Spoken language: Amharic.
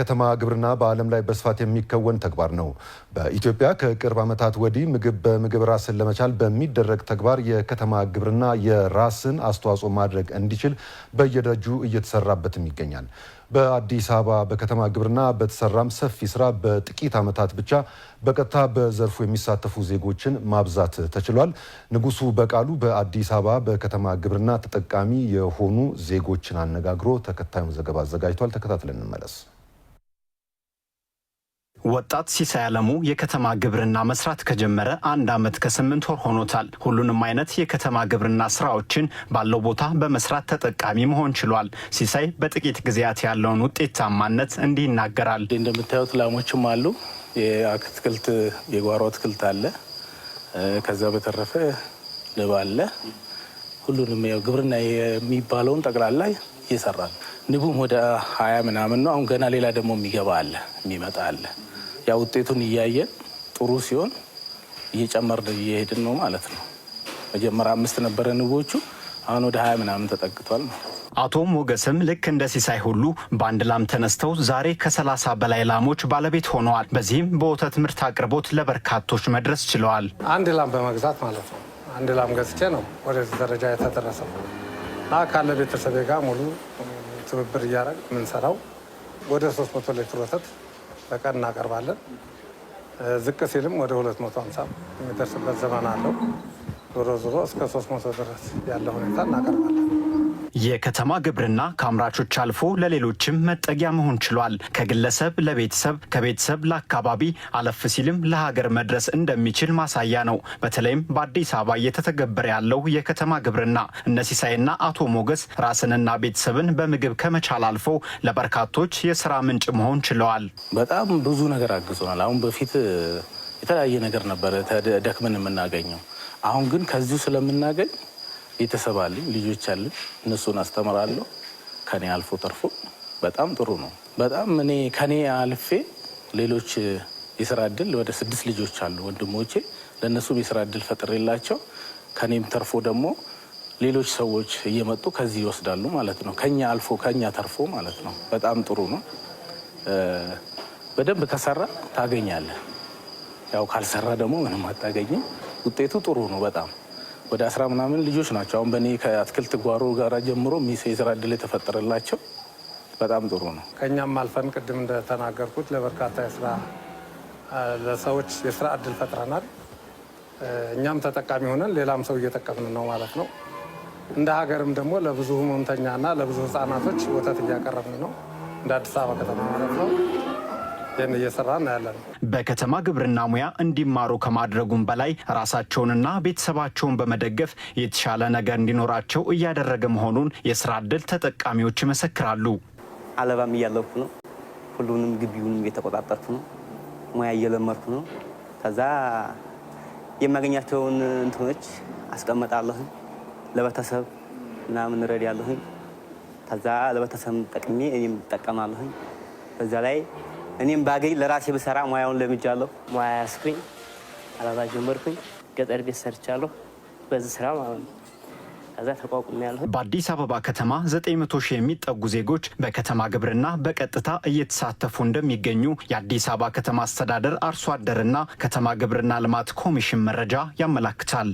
የከተማ ግብርና በዓለም ላይ በስፋት የሚከወን ተግባር ነው። በኢትዮጵያ ከቅርብ ዓመታት ወዲህ ምግብ በምግብ ራስን ለመቻል በሚደረግ ተግባር የከተማ ግብርና የራስን አስተዋጽኦ ማድረግ እንዲችል በየደጁ እየተሰራበትም ይገኛል። በአዲስ አበባ በከተማ ግብርና በተሰራም ሰፊ ስራ በጥቂት ዓመታት ብቻ በቀጥታ በዘርፉ የሚሳተፉ ዜጎችን ማብዛት ተችሏል። ንጉሱ በቃሉ በአዲስ አበባ በከተማ ግብርና ተጠቃሚ የሆኑ ዜጎችን አነጋግሮ ተከታዩን ዘገባ አዘጋጅቷል። ተከታትለን እንመለስ። ወጣት ሲሳይ አለሙ የከተማ ግብርና መስራት ከጀመረ አንድ አመት ከስምንት ወር ሆኖታል። ሁሉንም አይነት የከተማ ግብርና ስራዎችን ባለው ቦታ በመስራት ተጠቃሚ መሆን ችሏል። ሲሳይ በጥቂት ጊዜያት ያለውን ውጤታማነት እንዲህ ይናገራል። እንደምታዩት ላሞችም አሉ፣ የአትክልት የጓሮ አትክልት አለ፣ ከዛ በተረፈ ንብ አለ። ሁሉንም ግብርና የሚባለውን ጠቅላላ እየሰራን ንቡም ወደ ሀያ ምናምን ነው። አሁን ገና ሌላ ደግሞ የሚገባ አለ የሚመጣ አለ። ያ ውጤቱን እያየን ጥሩ ሲሆን እየጨመርን እየሄድን ነው ማለት ነው። መጀመሪያ አምስት ነበረ ንቦቹ፣ አሁን ወደ ሀያ ምናምን ተጠግቷል ማለት ነው። አቶ ሞገስም ልክ እንደ ሲሳይ ሁሉ በአንድ ላም ተነስተው ዛሬ ከሰላሳ በላይ ላሞች ባለቤት ሆነዋል። በዚህም በወተት ምርት አቅርቦት ለበርካቶች መድረስ ችለዋል። አንድ ላም በመግዛት ማለት ነው። አንድ ላም ገዝቼ ነው ወደዚህ ደረጃ የተደረሰው። እና ካለ ቤተሰቤ ጋር ሙሉ ትብብር እያደረግን የምንሰራው ወደ 300 ሌትር ወተት በቀን እናቀርባለን። ዝቅ ሲልም ወደ 250 የሚደርስበት ዘመን አለው። ዞሮ ዞሮ እስከ 300 ድረስ ያለ ሁኔታ እናቀርባለን። የከተማ ግብርና ከአምራቾች አልፎ ለሌሎችም መጠጊያ መሆን ችሏል። ከግለሰብ ለቤተሰብ ከቤተሰብ ለአካባቢ አለፍ ሲልም ለሀገር መድረስ እንደሚችል ማሳያ ነው። በተለይም በአዲስ አበባ እየተተገበረ ያለው የከተማ ግብርና እነ ሲሳይና አቶ ሞገስ ራስንና ቤተሰብን በምግብ ከመቻል አልፎ ለበርካቶች የስራ ምንጭ መሆን ችለዋል። በጣም ብዙ ነገር አግዞናል። አሁን በፊት የተለያየ ነገር ነበረ ደክመን የምናገኘው። አሁን ግን ከዚሁ ስለምናገኝ ቤተሰብ አለኝ፣ ልጆች አለኝ። እነሱን አስተምራለሁ። ከኔ አልፎ ተርፎ በጣም ጥሩ ነው። በጣም እኔ ከኔ አልፌ ሌሎች የስራ እድል ወደ ስድስት ልጆች አሉ ወንድሞቼ፣ ለእነሱም የስራ እድል ፈጥሬላቸው ከኔም ተርፎ ደግሞ ሌሎች ሰዎች እየመጡ ከዚህ ይወስዳሉ ማለት ነው። ከኛ አልፎ ከኛ ተርፎ ማለት ነው። በጣም ጥሩ ነው። በደንብ ከሰራ ታገኛለህ። ያው ካልሰራ ደግሞ ምንም አታገኝም። ውጤቱ ጥሩ ነው በጣም ወደ አስራ ምናምን ልጆች ናቸው። አሁን በእኔ ከአትክልት ጓሮ ጋር ጀምሮ ሚስ የስራ እድል የተፈጠረላቸው በጣም ጥሩ ነው። ከእኛም አልፈን ቅድም እንደተናገርኩት ለበርካታ የስራ ለሰዎች የስራ እድል ፈጥረናል። እኛም ተጠቃሚ ሆነን ሌላም ሰው እየጠቀምን ነው ማለት ነው። እንደ ሀገርም ደግሞ ለብዙ ህመምተኛና ለብዙ ህጻናቶች ወተት እያቀረብን ነው እንደ አዲስ አበባ ከተማ ማለት ነው። ይህን እየሰራ እናያለን። በከተማ ግብርና ሙያ እንዲማሩ ከማድረጉም በላይ ራሳቸውንና ቤተሰባቸውን በመደገፍ የተሻለ ነገር እንዲኖራቸው እያደረገ መሆኑን የስራ እድል ተጠቃሚዎች ይመሰክራሉ። አለባም እያለኩ ነው። ሁሉንም ግቢውንም እየተቆጣጠርኩ ነው። ሙያ እየለመርኩ ነው። ከዛ የማገኛቸውን እንትኖች አስቀመጣለሁኝ ለቤተሰብ ምናምን እረዳለሁኝ። ከዛ ለቤተሰብ ጠቅሜ እኔም እጠቀማለሁኝ በዛ ላይ እኔም ባገኝ ለራሴ ብሰራ ሙያውን ለምጃለሁ። ሙያ ያስኩኝ አላባ ጀመርኩኝ። ገጠር ቤት ሰርቻለሁ በዚህ ስራ ማለት ነው። በአዲስ አበባ ከተማ 900 ሺህ የሚጠጉ ዜጎች በከተማ ግብርና በቀጥታ እየተሳተፉ እንደሚገኙ የአዲስ አበባ ከተማ አስተዳደር አርሶ አደርና ከተማ ግብርና ልማት ኮሚሽን መረጃ ያመላክታል።